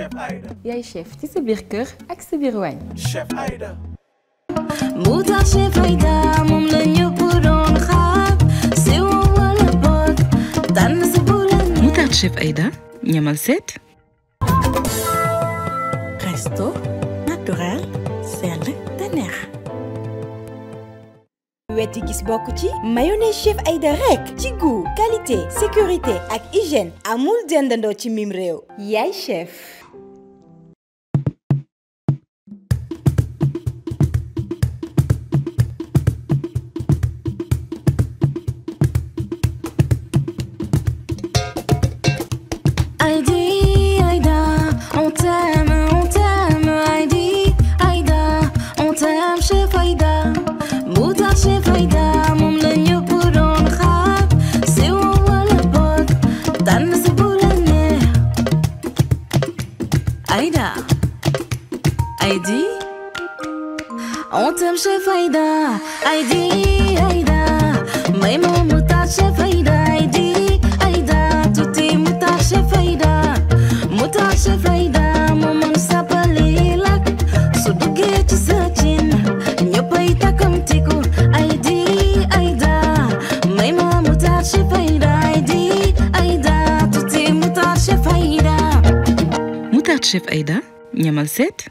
Chef Aïda. yaay chef ci sa kër ak sa biir Chef Aïda. moom la ñëpp doon si woon wala boog tànn si bu la gis bokk ci mayonnaise chef Aïda rek ci goût qualité sécurité ak hygiène amul dendandoo ci mim réew yaay chef was it.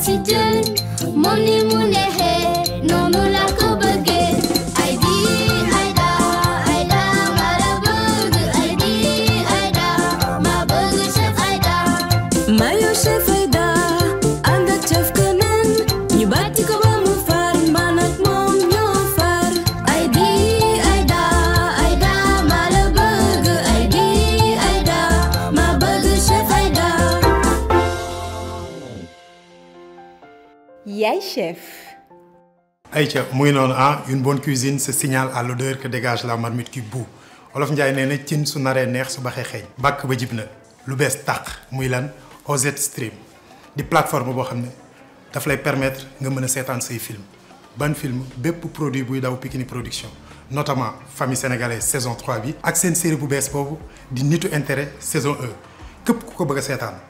oxygen. Money, money. chef. Aïcha muy ah, une bonne cuisine se signale à l'odeur que dégage la marmite qui bout Olof Ndiaye nee na cin su naré neex su baxee xéñ bak ba jib lu bess tak muy lan OZ Stream di plateforme bo xamné ne daf lay permettre nga mën sétane say film ban film bép produit buy daw Pikini Production notamment famille sénégalaise saison 3 bi. ak sen série bu bess boobu di nitu intérêt saison 1 kep ku ko bëgg sétane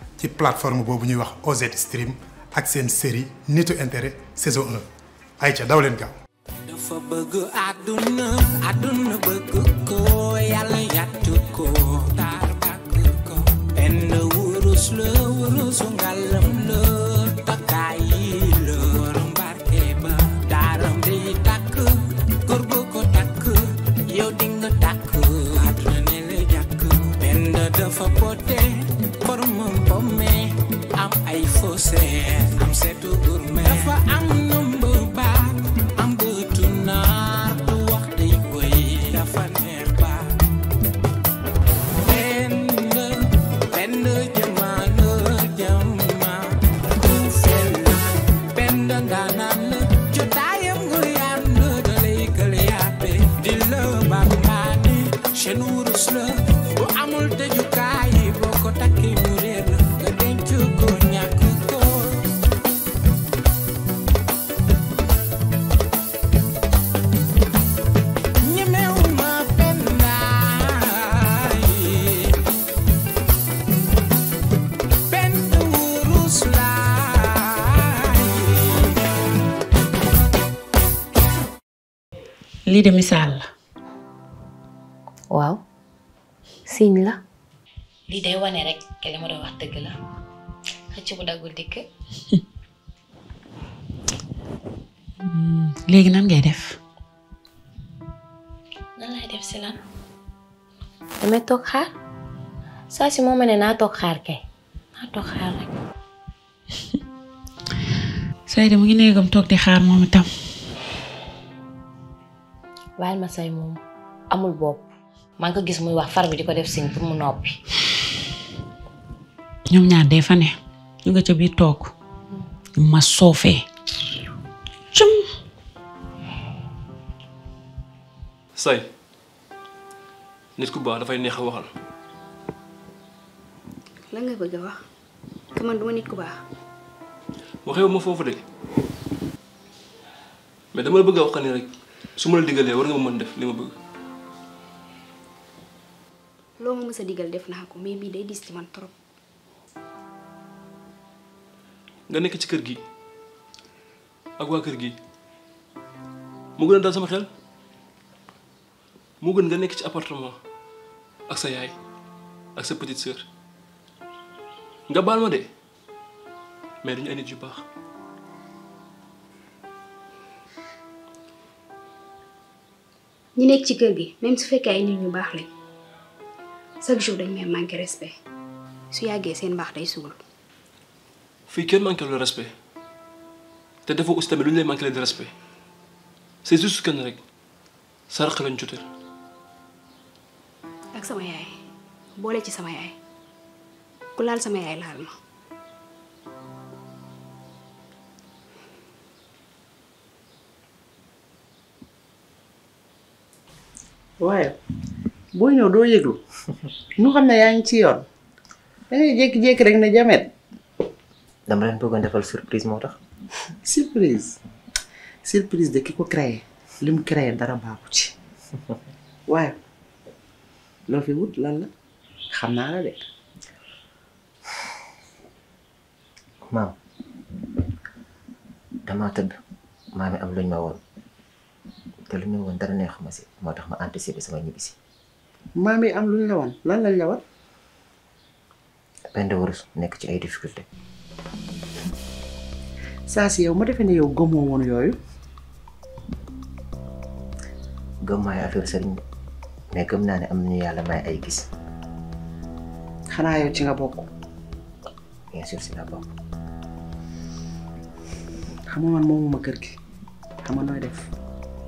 ci plateforme boobu ñuy wax OZ Stream ak seen série nitu intérêt saison 1 ay ca daw leen gaaw. dafa bëgg àdduna àdduna bëgg ko yàlla yàtt ko taar tàkk ko benn wurus la wurusu ngalam la takkaay yi la mbarke ba daaram day tàkk góor gu ko tàkk yow dinga tàkk àdduna ne la dafa pot I'm set to do my lii de misaal la. waaw siñ la. lii day wane rek ke li ma doon wax dëgg la xëcc bu daggul dikk. Hmm, léegi nan ngay def. nan lay def si lan. damay toog xaar saa si moo mene ne naa toog xaar kay naa toog xaar rek. Sayda mu ngi néegam toog di xaar moom itam. waaye ma say moom amul bopp maa ngi ko gis muy wax far bi di ko def siñ pour mu noppi. ñoom ñaar dee ñu nga ca biir toog ma soofee cum say nit ku baax dafay neex a waxal. lan nga bëgg a wax que man duma nit ku baax. waxee foofu de mais dama bëgg a wax ni rek. su ma la digalee war nga mën def li ma bëgg. lo nga mësa digal def naa ko mais mi day dis ci man trop. nga nek ci kër gi ak wa kër gi mo gën a dal sama xel mo gën nga nek ci appartement ak sa yaay ak sa petite sœur nga baal ma de mais duñu ay nit baax. ñi nekk ci kër gi même su fekkee ay nit ñu baax lañ chaque jour dañ may manqué respect su yàggee seen baax day suul. fii kenn manqué le respect te dafa us tamit lu ñu lay manqué le respect c'est juste kenn rek sa raq lañ jotal. ak sama yaay boole ci sama yaay ku laal sama yaay laal ma. waaye boo ñëw doo yëglu ñu xam ne yaa ngi ci yoon da eh, ngay jékki-jékki rek ne jamet dama leen bëggoon defal surprise moo tax. surprise surprise de ki ko créé lim mu créé dara baaxu ci waaye loo fi wut lan la xam naa la de. maam damaa tëdd maa ngi am luñ ma woon. te lu ñu woon dara neexuma si moo tax ma anticiper sama ñibbi si. maam yi am lu ñu la woon lan la woon. Penda Warus nekk ci ay difficulté saa si yow ma defee ne yow yooyu. gëm maay affaire sëriñ mais gëm naa ne am ñu yàlla may ay gis. xanaa yow ci nga bokk. bien sûr si la bokk. xam nga man moomu kër gi xam nooy def.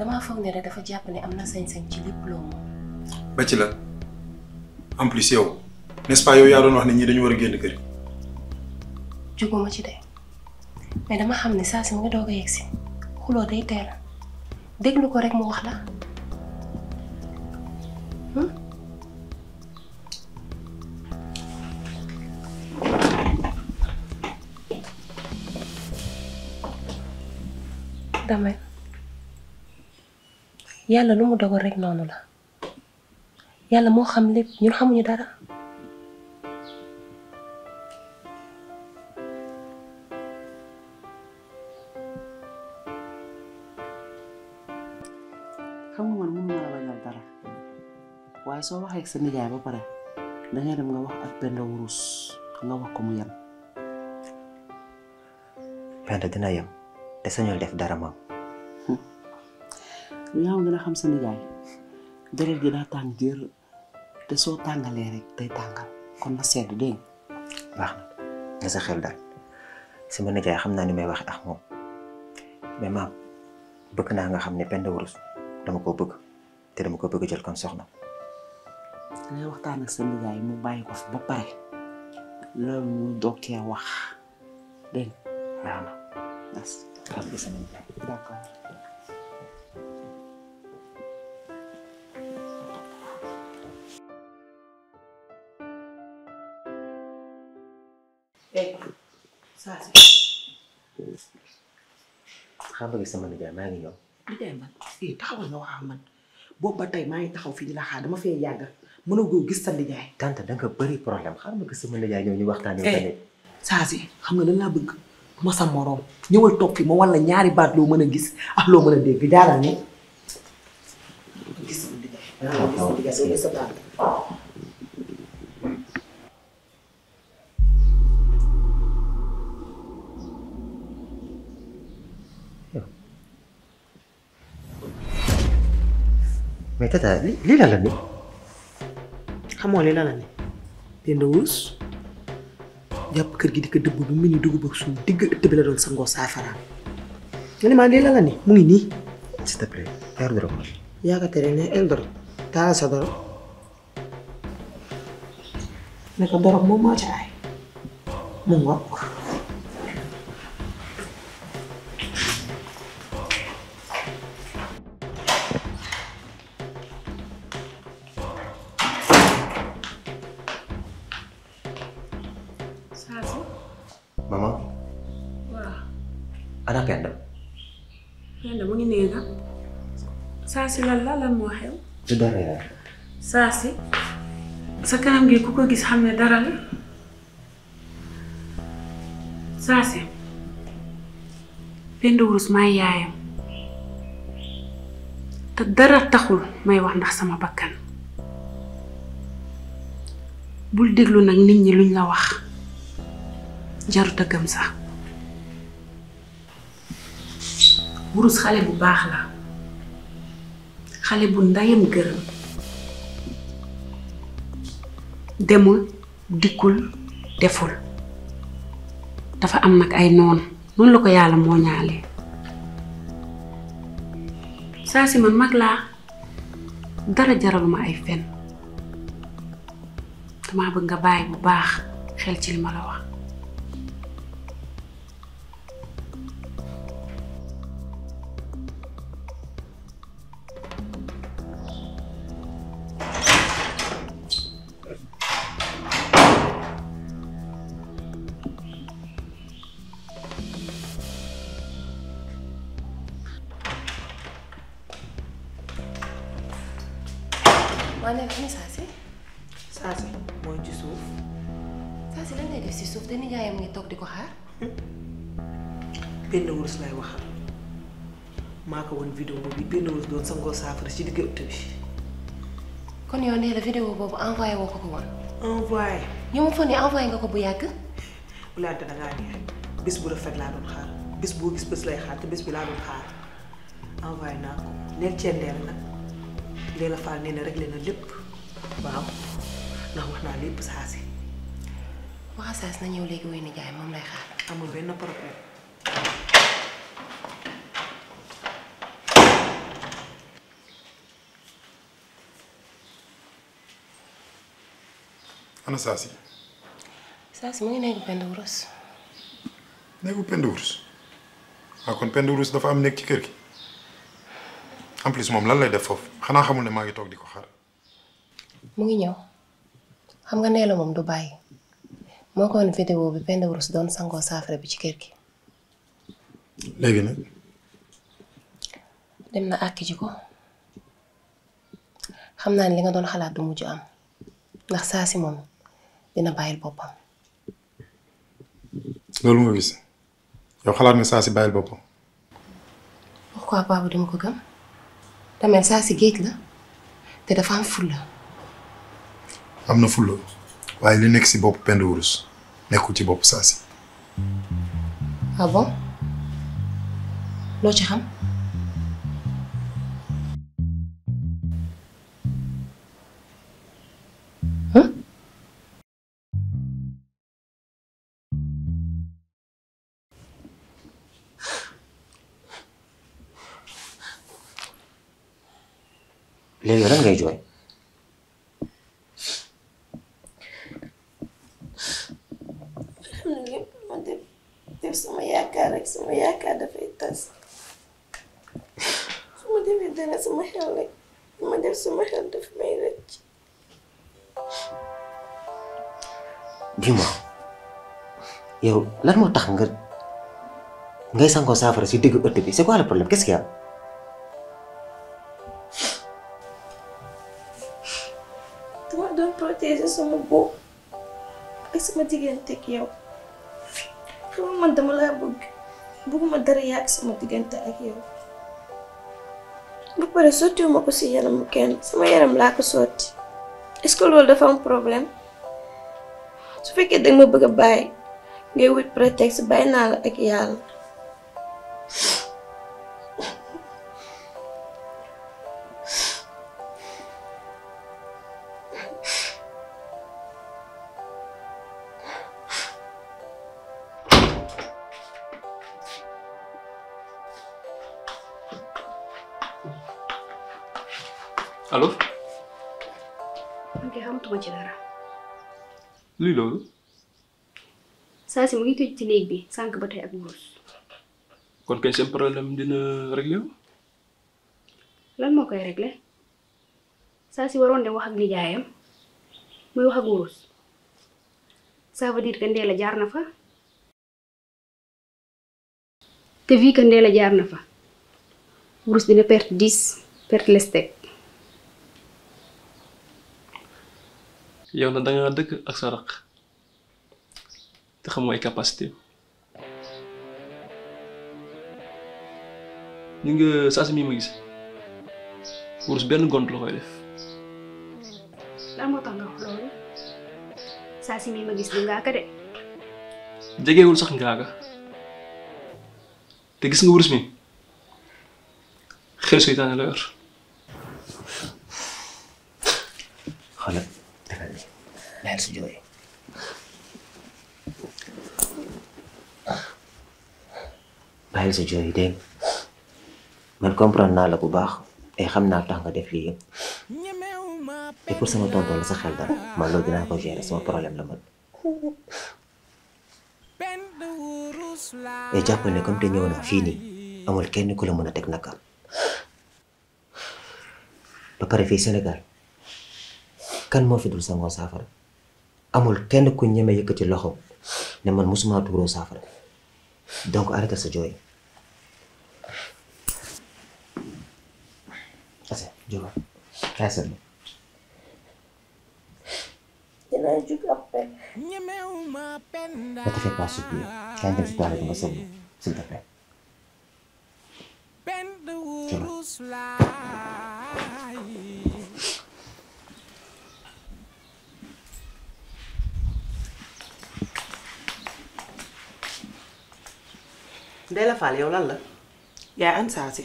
dama foog ne rek dafa japp ne amna sañ-sañ ci lepp lo mo ba ci la en plus yow nest pas yow ya doon wax ne ñi dañu war a génn kër. juguma ci de mais dama xam ne saa si mu ngi doog day teel déglu ko rek mu wax la. Hmm? Dame. yàlla lu mu dogal rek noonu la yàlla moo xam lépp ñun xamuñu dara. xam nga man mënuma la bañal dara waaye soo waxee ak sa nijaay ba pare dangay dem nga wax ak benn wurus nga wax ko mu yem. Penda dina yem te sañul def dara moom. yaa ngi gën xam sa nijaay deret gi daa tàng jër te soo tàngalee rek tàngal kon na sedd dégg nga sa xel daal sama nijaay xam naa ni may waxe ak moom mais maam bëgg naa nga xam ne Penda Wurus dama ko bëgg te dama ko bëgg jël kon soxna dangay waxtaan ak sa mu bàyyi ko fi ba pare loolu ñu doog cee wax dégg baax na merci d'accord xaaral ma gis sama nijaay maa ngi ñëw. nijaay man eh taxawal nga wax man boobu ba tey maa ngi taxaw fii di laa xaar dama fee yàgg mënoo goo gis sa nijaay. tante da nga bëri problème xaaral ma gis sama nijaay ñëw ñu waxtaanee. eh saa si xam nga lan laa bëgg ma sa morom ñëwal toog fi ma wala ñaari baat loo mën a gis ak loo mën a dégg jaaral ne. gis sama tata lilala ne xamoo lilala ne denda wurus jàpp kër gi di ko dëbb bi mu ni dugub ak suuf digg ëtt bi la doon sangoo saafara nga ne maa lilala ne mu ngi nii s'il te plaît yar doro ma yaa ko tere ne el doro taala sa doro ne ko doro moom moo ca aay mu ngokk si lan la lan mo xew. ci dara ya sa ya. si sa kanam gi ku ko gis xamne dara la sa si Wurus yaayam ta dara taxul may wax ndax sama bakkan bul deglu nak nit ñi luñ la wax jarut ta gëm sax Wurus xale bu baax la. xale bu ndayam gërëm demul dikkul deful dafa am nag ay noon noonu la ko yàlla moo ñaalee saa si man mag laa dara jaraluma ay fen damaa bëgg nga bàyyi bu baax xel ci li ma la wax envoyé woo ko ko woon. envoyé. ñu ma foog ne envoyé nga ko bu yàgg. wulaante da ngaa neex bés bu rafet laa doon xaar bés boo gis bés lay xaar te bés bi laa doon xaar envoyé naa ko neel cendeer nag Leela Fall nee na réglé na lépp waaw ndax wax naa lépp saa si. waxa na ñëw léegi wuy nijaay moom lay xaar. amul benn problème. ana Saasi. Saasi mu ngi nekk Penda Wurus. nekku Penda Wurus waaw kon Penda Wurus dafa am nekk ci kër gi en moom lan lay def foofu xanaa xamul ne maa ngi toog di ko xaar. mu ngi ñëw xam nga nee la moom du bàyyi moo ko woon vidéo bi Penda Wurus doon sangoo saafara bi ci kër gi. léegi nag. dem na àkki ji xam naa ne li nga doon xalaat du mujj am ndax Saasi moom. dina bàyyil boppam. loolu nga gis yow xalaat nga saa si bàyyil boppam. pourquoi ko gëm tamit saa si géej la te dafa am fulla. am na fulla waaye li nekk si bopp Penda Wurus nekkul ci bopp saa si. ah bon loo ci xam. léegi lan ngay jooy def sama yaakaar rek sama yaakaar dafay tas su ma defee dara sama xel rek su ma def sama xel daf may rëcc dis-moi yow lan moo tax nga ngay sangoo saafara si diggu ëtt bi c'est quoi problème quest ak sama diggante ak yow xam nga man dama laa bëgg bëgguma dara yàgg sama diggante ak yow ba pare sottiwuma ko si yaramu kenn sama yaram laa ko sotti est-ce que loolu dafa am problème su fekkee danga ma bëgg a bàyyi ngay wut prétexte bàyyi naa la ak yàlla allo. ci dara. lii loolu. ci néeg bi sànq ba tey ak muus. kon moo koy réglé saa si waroon dem wax ak nijaayam muy wax ak wurus ça veut dire jaar na fa. te vu que jaar na fa wurus dina perte dix perte lestek yow na danga dëkk ak sa raq te xamoo ay capacité ni nga saa si mii ma gis wurus benn gont la koy def lan moo tax nga wax loolu saa si mii ma gis du ngaaka de jegewul sax ngaaka te gis nga wurus mi xel seytaane la yor layal si bàyyil sa jooy dégg man comprendre naa la bu baax te xam naa tax nga def lii yëpp te pour sama tonton la sa xel dara man loolu dinaa ko gérer sama problème la man et jàppal ne comme te ñëw naa fii nii amul kenn ku la mën a teg nakam ba pare fii Sénégal kan moo fi dul sangoo saafara amul kenn ku ñëmé yëkëti loxo né man musuma tuuroo saafara donc arrêté sa joy jooy ase jógal kaay seetlu dinaa ñëmé après ne te fais pas souffrir kaay dem si toilette nga seetlu s'il te plaît jógal Ndéla Fall yow lan la. yaay an saasi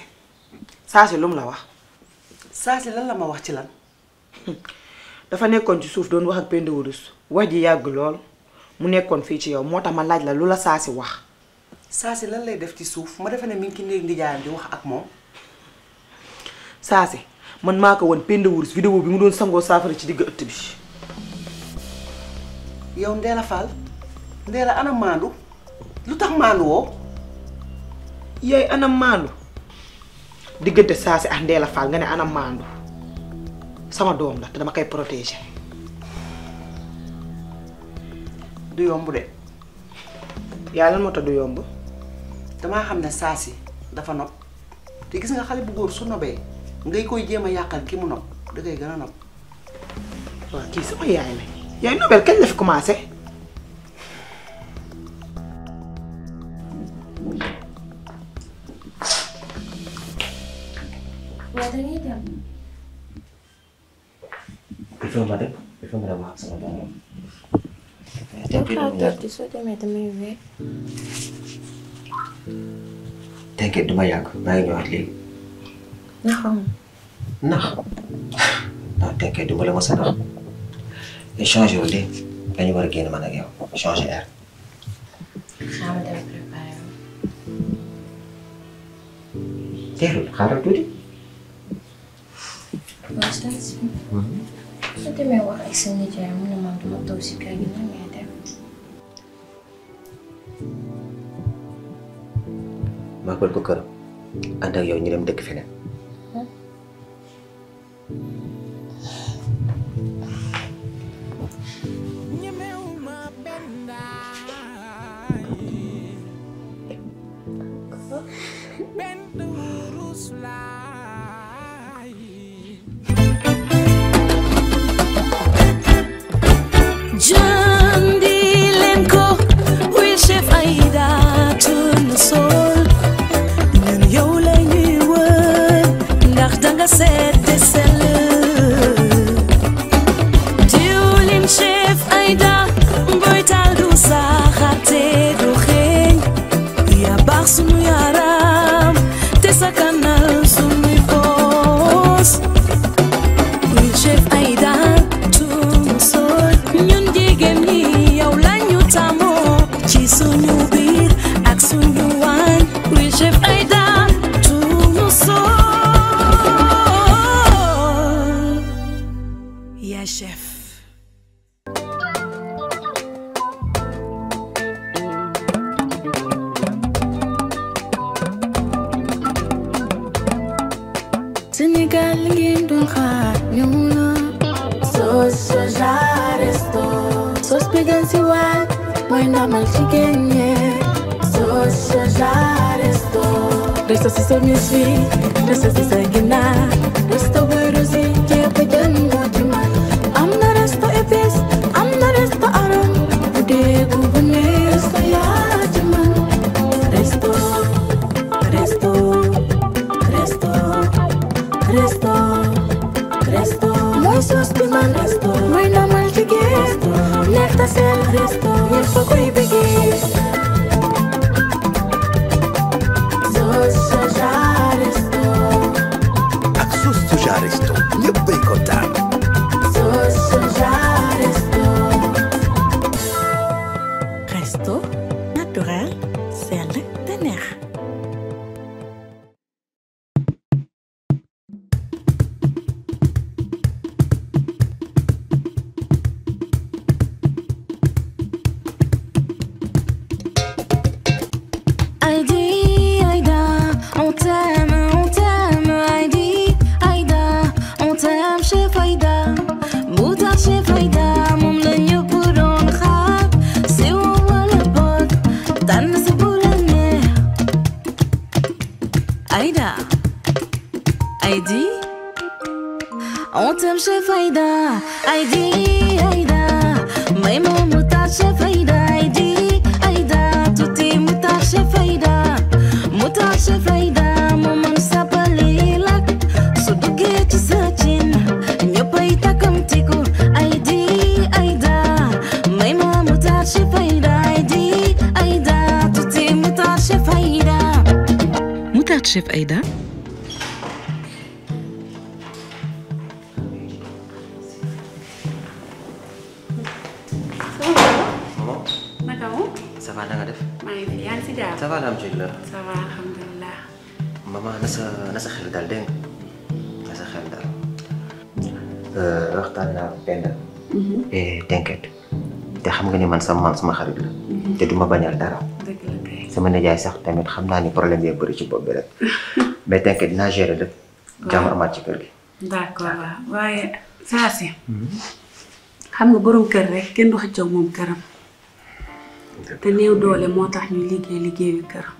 saasi lu mu la wax. saasi lan la ma wax ci lan. dafa nekkoon ci suuf doon wax ak Penda Wurus wax ji yàgg lool mu nekkoon fii ci yow moo tax ma laaj la lu la saasi wax. saasi lan lay def ci suuf ma defe ne mi ngi ci néeg ndijaayam di wax ak moom. saasi man maa ko woon Penda Wurus vidéo bi mu doon sangoo saafara ci digg ëtt bi. yow Ndéla Fall Ndéla ana maandu lu tax maandu woo. yaay ana maandu diggante saa si ak Ndéla Fall nga ne ana maandu sama doom la te dama koy protéger du yomb de yàlla moo tax du yomb damaa xam ne saa si dafa nopp te gis nga xale bu góor su nobee ngay koy jéem a yàqal ki mu nopp da gën a nopp waaw kii sama yaay la yaay nobel kañ la fi commencé dangay dem. dafa ma dëkk dafa ma dem wax ak sama doom. tënkee duma yàgg maa ngi ñëwaat léegi. naxam. nax non tënkee duma la ma sa nax. ñu changé wu de dañu war a génn man ak yow changé air. xaaral dama préparé wu. teelul xaaral tuuti. waaw si su demee wax ak sa nijaay mu ne duma toog si kër gi dem. maa ko ko këram ànd ak ñu dem dëkk feneen. see ماما ناسا nasa خير دال دين ناسا خير دال وقت انا benn ايه تنكت xam nga ni man sama man sama xarit la te duma bañal dara sama nijaay sax tamit xam naa ni problème yee bëri ci bopp bi rek mais tenket dinaa gérer lépp jàmm amaat ci kër gi d'accord waaw waaye saa si xam nga borom kër rek kenn du xëccoo moom këram te néew doole ñu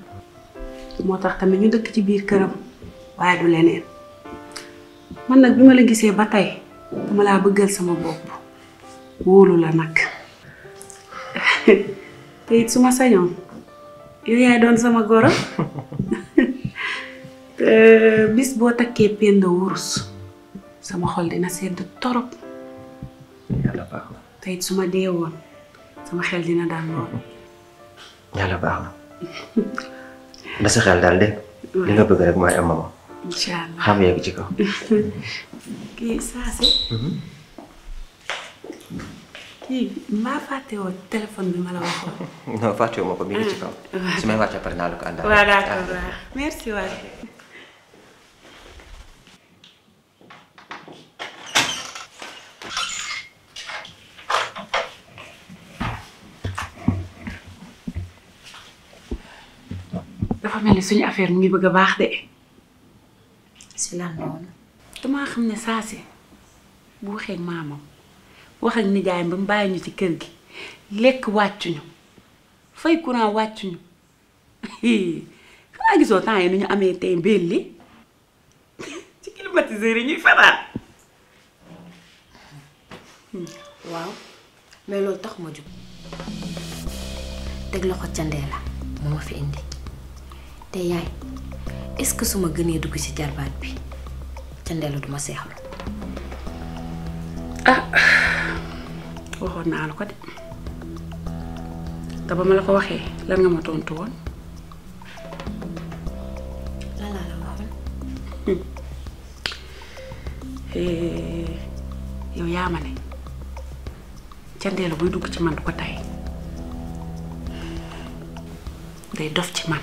moo tax tamit ñu dëkk ci biir këram waaye du leneen man nag bi ma la gisee ba tey dama laa bëggal sama bopp wóolu la nag te it su ma sañoon yow doon sama goro bis boo takkee penda wurus sama xol dina sedd torop yàlla baax na te it xel dina daan lool na sa daal de nga bëgg rek mooy am mama incha allah xam ci kaw kii saase kii maa fàtte woon téléphone bi ma la waxoon non fàtte woo ma ko mi ngi ci kaw su may wàccee pare naa la ko àndal waaw d'accord waaw merci waay dafa suñu affaire mu ngi bëgg a baax de. si lan xam ne saa si bu waxee maamam wax ak nijaayam ba mu bàyyi ñu ci kër gi lekk wàccuñu fay courant wàccuñu xanaa gisoo temps yi nu ñu amee tey mbéel li ci climatiseur yi ñuy fanaan. waaw mais loolu tax teg loxo ca Ndella moo ma fi indi. te yaay est-ce que su gënee dugg ci jarbaat bi ca duma seexlu ah waxoon naa la ko de te ba ma la ko waxee lan nga ma tontu woon lan laa la waxoon eh, yow yaa ma ne ca buy dugg ci man du ko tay day dof ci man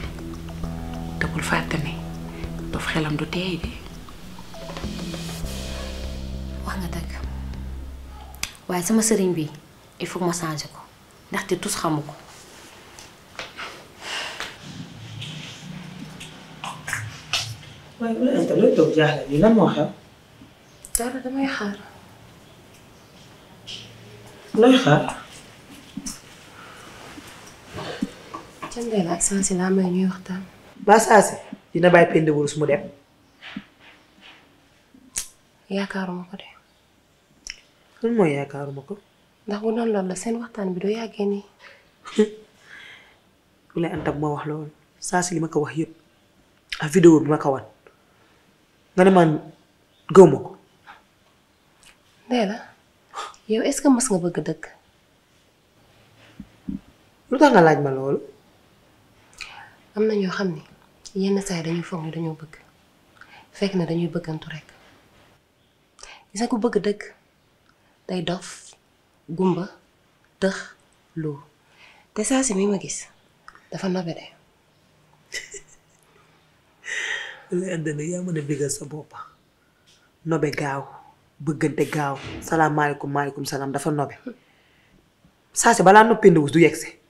bul fàtte ne dof xelam du teey de wax nga dëgg waaye sama sëriñ bi il faut ma changer ko ndaxte tus xamu ko waaye bu la anta looy toog jaaxle bi lan moo xew dara damay xaar looy xaar candee la ak sansi laa may ñuy waxtaan ba saase dina bay pende Wurus sumu dem. yaakaaruma ko de. lan mooy yaakaaruma ko. ndax bu non lool la seen waxtaan bi do yàggee nii. bu antab mo wax lool saa si wax yeb a video bi mako wat ngane man gëw ma yow est-ce que mas nga bëgg dëkk. lu nga laaj ma lool amna ñoo yenn saa yi dañuy foog ne dañoo bëgg fekk na dañuy bëggantu rek gis nga bëgg dëgg day dof gumba tëx lu te saa si mi ma gis dafa nobe de lay àddina yaa mën a bégal sa boppa nobe gaaw bëggante gaaw salaamaaleykum maaleykum salaam dafa nobe saa si balaa noppi ndawus du yegg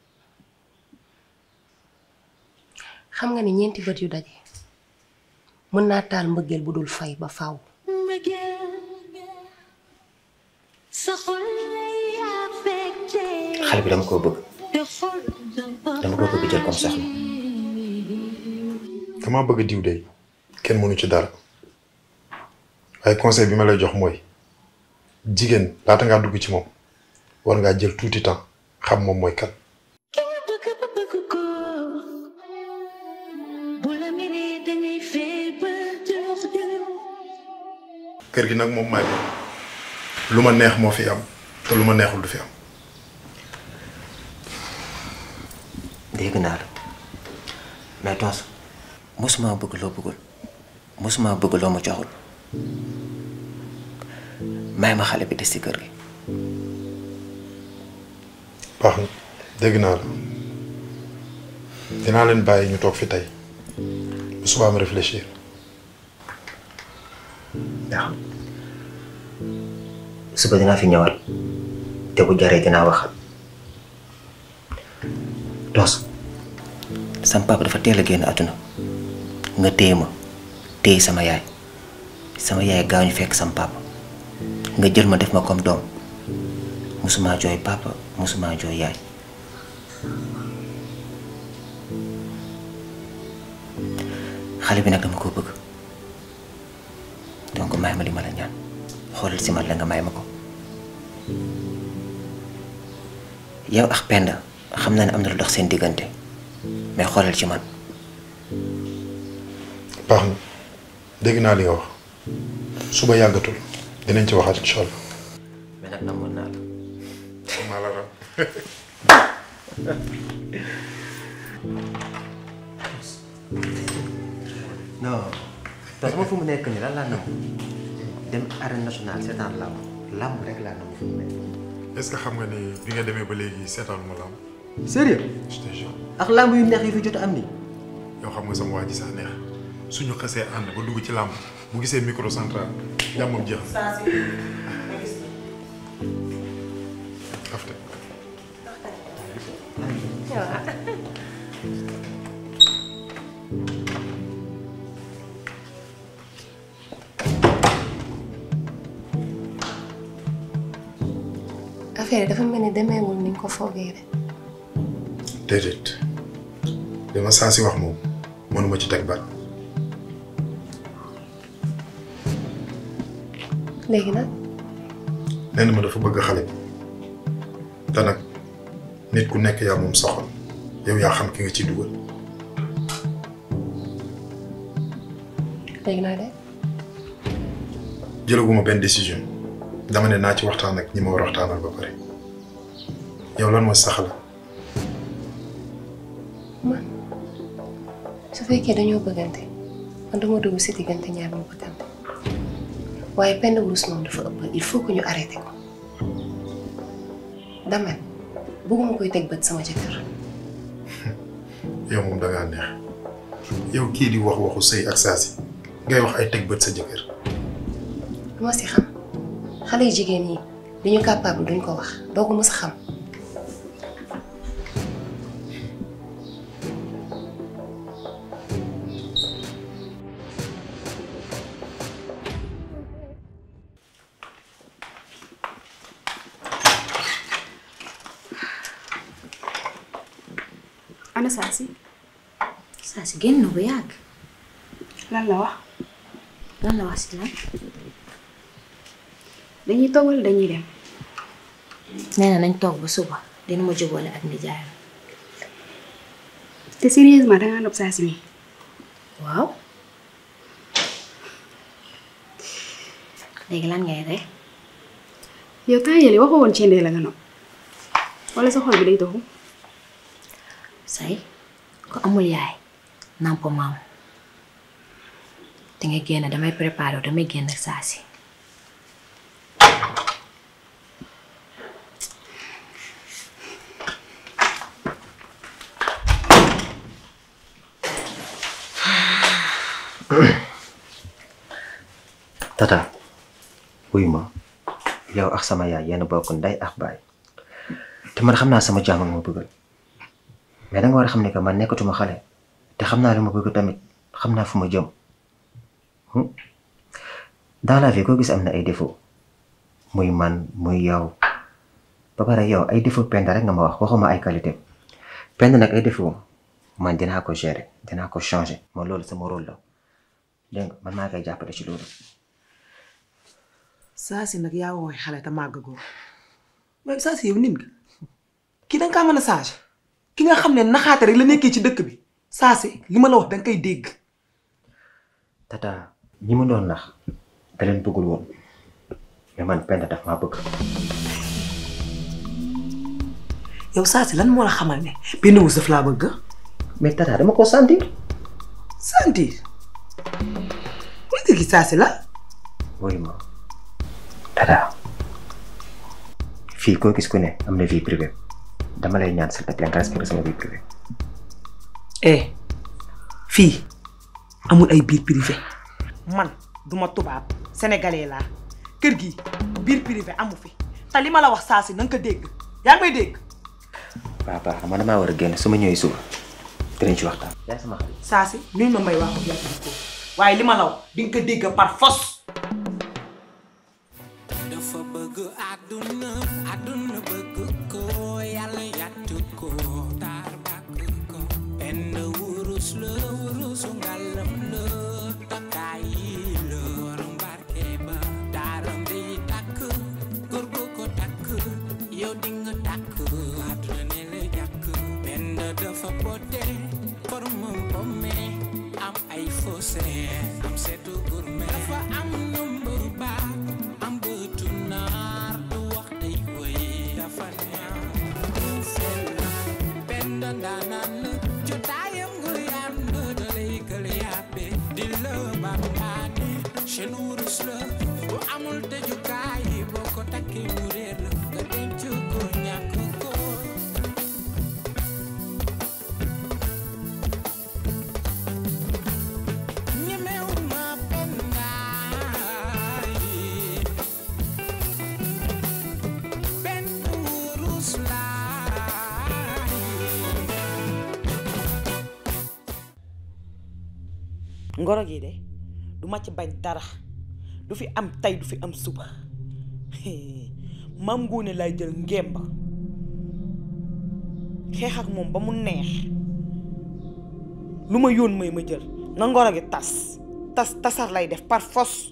xam nga ni ñenti bët yu dajé mën na taal mbeugël budul fay ba faaw xal bi dama ko bëgg dama ko bëgg jël comme sax dama bëgg diw de kenn mënu ci dara ay conseil bi ma lay jox mooy jigéen laata nga dugg ci mom war nga jël tuuti temps xam mom moy kat kër gi nag moom maay lu ma neex moo fi am te lu ma neexul du fi am. dégg naa la mais Tonso mosuma bëgg loo bëggul mosuma bëgg loo ma joxul may ma xale bi des ci kër gi. baax na dégg naa la dinaa leen bàyyi ñu toog fi tey bu subaa réfléchir. waaw suba dinaa fi ñëwaat te bu jaree dinaa wax toos sam dafa teel a génn àdduna nga téye ma téye sama yaay sama yaay gaaw ñu fekk sam nga jël ma def ma comme doom musuma jooy papa musuma jooy yaay xale bi nag dama ko bëgg donc may ma li ma ñaan xoolal si man la nga may ma ko yow ya, ak ah, Penda xam naa am na lu dox seen diggante mais xoolal ci man. baax na dégg naa li nga oh. wax suba yàggatul dinañ ci waxat inshallah. allah. mais nag amoon naa la. maa la raw. non. xam nga mu nekk nii lan laa nam ce que xam nga ni bi nga demee ba léegi seetaan ma làmb sérieux je te jure ak làmb yu neex yu fi jot am nii yow xam nga sama waa sax neex suñu xasee ànd ba dugg ci làmb bu gisee microcentral jàmmam jeex demeewul ni ko foogee de. déedéet li ma saa si wax moom mënuma ci teg baat. léegi nag. nee na ma dafa bëgg xale bi te nag nit ku nekk yaa moom soxal yow yaa xam ki nga ci dugal. léegi naa de. jëlaguma benn décision dama ne naa ci waxtaan ak ñi ma war waxtaanal ba pare. yow lan mooy sax la. man su fekkee dañoo bëggante man dama dugg si diggante ñaar ñu tante waaye penn wurus moom dafa ëpp il faut que ñu arrêté ko damel bëgguma koy teg bët sama jëkkër. yow moom da ngaa neex yow ki di wax waxu sëy ak saasi ngay wax ay teg bët sa jëkkër. lu si xam xale yu jigéen ñi li ñu capable duñ ko wax doo ko mës xam. وياك لا لا wax la la wax si lan dañuy toog wala dañuy dem nee na nañ toog ba suba dina ma jóg wala ak nijaayam te sérieusement da ngaa nopp saa si mi waaw léegi lan ngay rek yow temps yële waxoo woon cendee la nga nopp wala sa xol bi day doxu say ko amul yaay nampo mam. Tenga gena da mai preparo da mai gena sasi. Tata, wima, yau ak ah, sama ya yana bau kundai ak ah, bai. Tumar kam na sama jamang mo bugal. Mena ngwar kam ne kam ne ko tumakale. te xam naa lu ma bëgg tamit xam naa fu ma jëm hmm? dans la vie gis am na ay défaut muy man muy yow ba pare yow ay défaut Penda rek nga ma wax waxuma ay qualité Penda nag ay défaut man dinaa ko gérer dinaa ko changer man lool sama rôle la dégg nga man maa jàppale ci loolu. saa nag yaa wooy xale te màggagoo mais saa si yow nit nga kii da kaa mën a ki nga xam ne naxaate rek la nekkee ci dëkk bi. sasi si li ma la wax danga koy dégg. tata ñi ma doon nax da leen bëggul woon mais man Penda daf ma bëgg. yow saa lan mo la xamal ne benn wu sëf la bëgg. mais tata dama ko sentir. sentir. muy dëgg sasi la. oui ma tata fi ko gis ko ne am na vie privée dama lay ñaan sa tek vie privée eh fi, amul ay bir privé man duma tubab, sénégalais la. kër gi bir privé amu fi Ta lima la wax sasi si ko dégg Ya ngi dégg Papa, baax na man damaa war a génn suba dinañ ci waxtaan Ya sama xarit saa si ma may wax ko Waye lima la wax di nga dégg par force dafa bëgg àdduna àdduna ngoro gi de du ma ci bañ dara du fi am tey du fi am suba maam Ngoné laay jël ngemb xeex moom ba mu neex lu ma yoon may ma jël na ngoro gi tas tas tasar lay def par force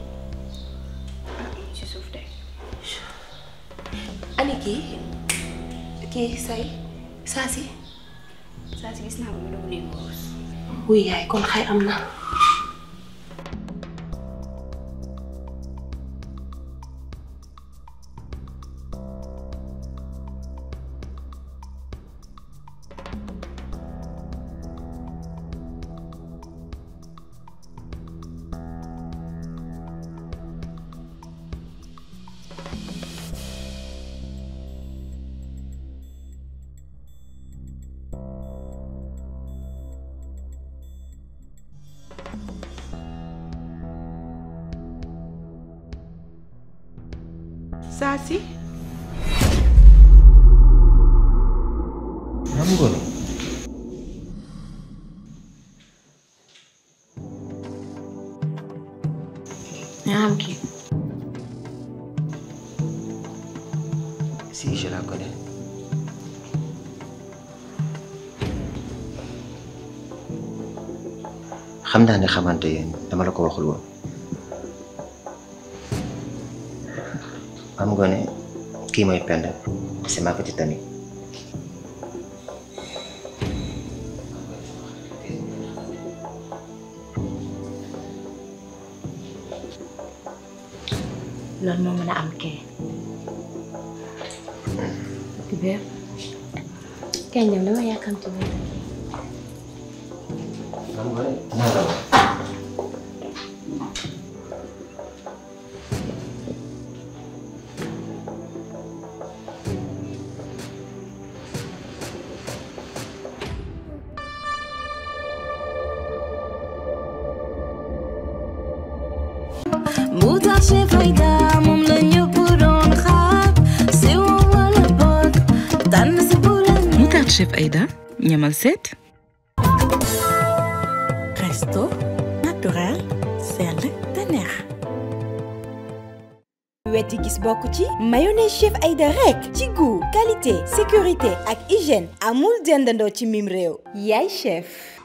kii say saa si saa si gis naa ko mu dugg xay am na si ishara ko ne xam naa ne xamante yéen dama la ko waxul woon am ngoone kii mooy pend c'est ma petite amie loolu Kenya, unaweza come to my ci gis bokk ci mayonnaise chef Aïda rek ci goût qualité sécurité ak hygiène amul dendandoo ci mim réew yaay chef